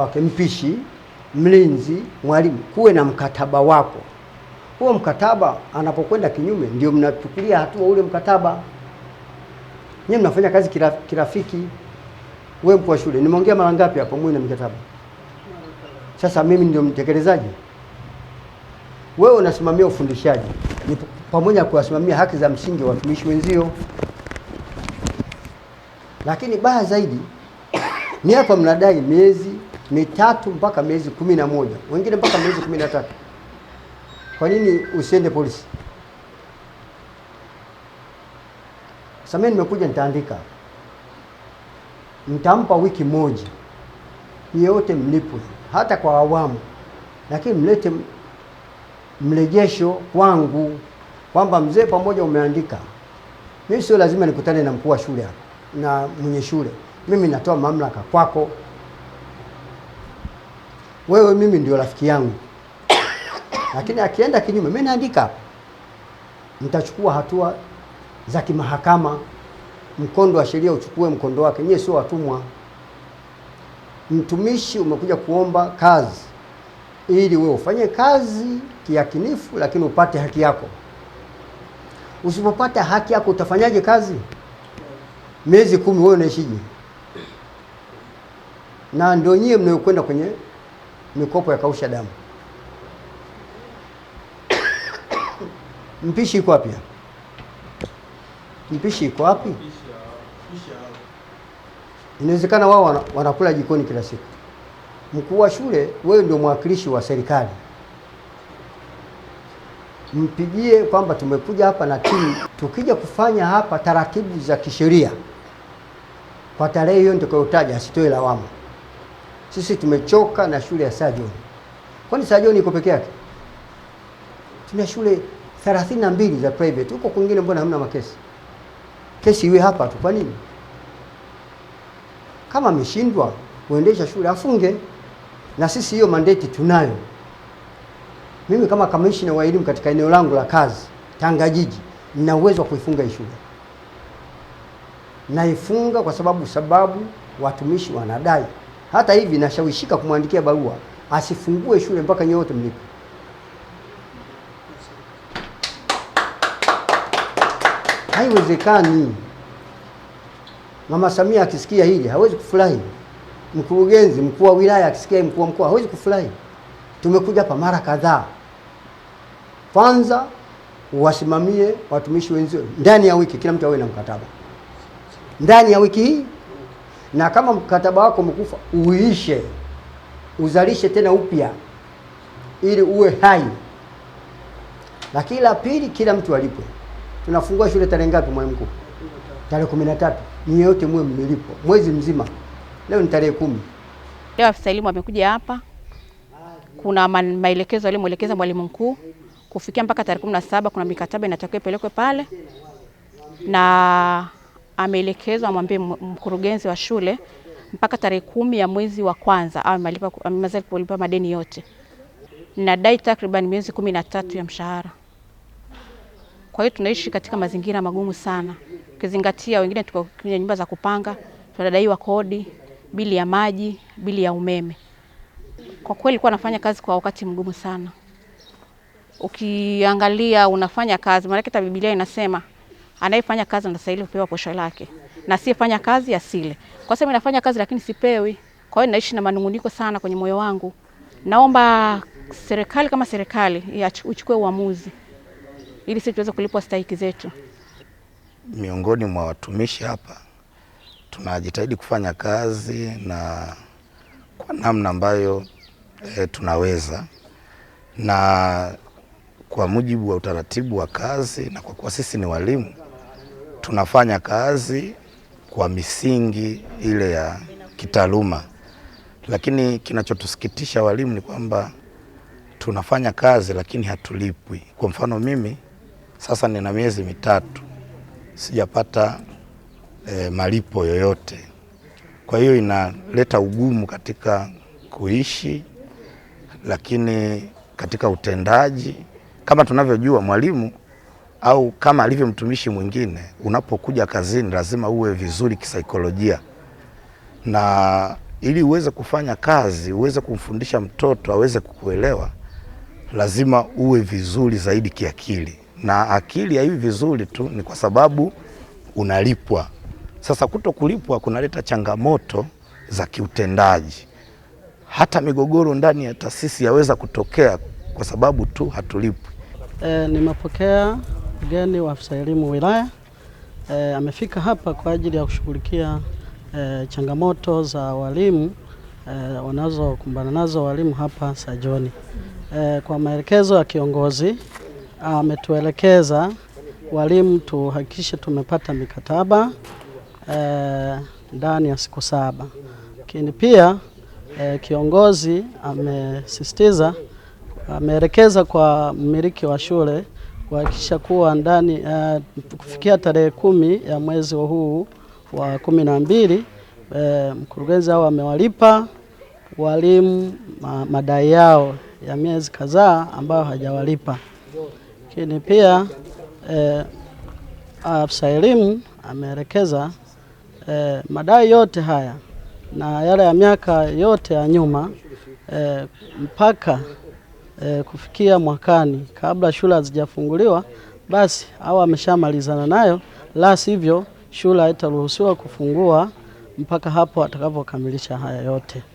wake mpishi, mlinzi, mwalimu, kuwe na mkataba wako. Huo mkataba anapokwenda kinyume, ndio mnachukulia hatua ule mkataba. Nyinyi mnafanya kazi kila, kirafiki. Wewe mkuu wa shule, nimeongea mara ngapi hapo mwe na mkataba? Sasa mimi ndio mtekelezaji, wewe unasimamia ufundishaji, ni pamoja kuwasimamia haki za msingi wa watumishi wenzio, lakini baya zaidi ni hapa mnadai miezi mitatu mpaka miezi kumi na moja, wengine mpaka miezi kumi na tatu. Kwa nini usiende polisi? Samia, nimekuja nitaandika, mtampa wiki moja, yeyote mlipwe, hata kwa awamu, lakini mlete mrejesho kwangu kwamba mzee pamoja umeandika. Mimi sio lazima nikutane na mkuu wa shule hapa na mwenye shule, mimi natoa mamlaka kwako wewe mimi ndio rafiki yangu, lakini akienda kinyume, mimi naandika hapa, nitachukua hatua za kimahakama. Mkondo wa sheria uchukue mkondo wake, nyie sio watumwa. Mtumishi umekuja kuomba kazi ili wewe ufanye kazi kiakinifu, lakini upate haki yako. Usipopata haki yako utafanyaje kazi? Miezi kumi wewe unaishije? Na ndio nyie mnayokwenda kwenye mikopo ya kausha damu. Mpishi iko wapi? Mpishi iko wapi? Inawezekana wao wanakula jikoni kila siku. Mkuu wa shule, wewe ndio mwakilishi wa serikali, mpigie kwamba tumekuja hapa na timu, tukija kufanya hapa taratibu za kisheria kwa tarehe hiyo nitakayotaja, asitoe lawama sisi tumechoka na shule ya Sajoni. Kwani Sajoni iko peke yake? Tuna shule 32 za private huko kwingine, mbona hamna makesi? Kesi iwe hapa tu, kwa nini? Kama ameshindwa kuendesha shule afunge, na sisi hiyo mandate tunayo. Mimi kama kamishina wa elimu katika eneo langu la kazi Tanga jiji, nina uwezo wa kuifunga hii shule. Naifunga kwa sababu sababu watumishi wanadai hata hivi nashawishika kumwandikia barua asifungue shule mpaka nyote mlipo. Haiwezekani. Mama Samia akisikia hili hawezi kufurahi, mkurugenzi mkuu wa wilaya akisikia, mkuu wa mkoa hawezi kufurahi. Tumekuja hapa mara kadhaa. Kwanza wasimamie watumishi wenzio ndani ya wiki, kila mtu awe na mkataba ndani ya wiki hii na kama mkataba wako mkufa uishe, uzalishe tena upya ili uwe hai. Lakini la pili, kila mtu alipwe. Tunafungua shule tarehe ngapi, mwalimu mkuu? Tarehe kumi na tatu. mwe muwe mmelipo mwezi mzima. Leo ni tarehe kumi. Leo afisa elimu amekuja hapa, kuna maelekezo aliyomwelekeza mwalimu mkuu kufikia mpaka tarehe kumi na saba kuna mikataba inatakiwa ipelekwe pale na ameelekezwa amwambie mkurugenzi wa shule mpaka tarehe kumi ya mwezi wa kwanza amemaliza kulipa madeni yote. Nadai takriban miezi kumi na tatu ya mshahara. Kwa hiyo tunaishi katika mazingira magumu sana, ukizingatia wengine tuko kwenye nyumba za kupanga, tunadaiwa kodi, bili ya maji, bili ya umeme. Kwa kweli nilikuwa nafanya kazi kwa wakati mgumu sana. Ukiangalia unafanya kazi, maanake hata Biblia inasema anayefanya kazi anastahili kupewa posho lake na asiyefanya kazi asile. Kwa sababu nafanya kazi lakini sipewi, kwa hiyo naishi na manunguniko sana kwenye moyo wangu. Naomba serikali kama serikali uchukue uamuzi ili sisi tuweze kulipwa stahiki zetu. Miongoni mwa watumishi hapa tunajitahidi kufanya kazi na kwa namna ambayo e, tunaweza na kwa mujibu wa utaratibu wa kazi, na kwa kuwa sisi ni walimu tunafanya kazi kwa misingi ile ya kitaaluma, lakini kinachotusikitisha walimu ni kwamba tunafanya kazi lakini hatulipwi. Kwa mfano mimi sasa nina miezi mitatu sijapata e, malipo yoyote. Kwa hiyo inaleta ugumu katika kuishi, lakini katika utendaji, kama tunavyojua mwalimu au kama alivyo mtumishi mwingine, unapokuja kazini lazima uwe vizuri kisaikolojia, na ili uweze kufanya kazi, uweze kumfundisha mtoto aweze kukuelewa, lazima uwe vizuri zaidi kiakili. Na akili haiwi vizuri tu ni kwa sababu unalipwa. Sasa kuto kulipwa kunaleta changamoto za kiutendaji, hata migogoro ndani ya taasisi yaweza kutokea kwa sababu tu hatulipwi. E, nimepokea mkurugenzi wa afisa elimu wilaya e, amefika hapa kwa ajili ya kushughulikia e, changamoto za walimu e, wanazokumbana nazo walimu hapa Sajoni. E, kwa maelekezo ya kiongozi ametuelekeza walimu tuhakikishe tumepata mikataba ndani e, ya siku saba, lakini pia e, kiongozi amesisitiza ameelekeza kwa mmiliki wa shule kuhakikisha kuwa ndani uh, kufikia tarehe kumi ya mwezi huu wa kumi na mbili uh, mkurugenzi hao amewalipa walimu madai yao ya miezi kadhaa ambayo hajawalipa, lakini pia uh, afisa elimu ameelekeza uh, madai yote haya na yale ya miaka yote ya nyuma uh, mpaka e, kufikia mwakani kabla shule hazijafunguliwa, basi au ameshamalizana nayo, la sivyo shule haitaruhusiwa kufungua mpaka hapo atakapokamilisha haya yote.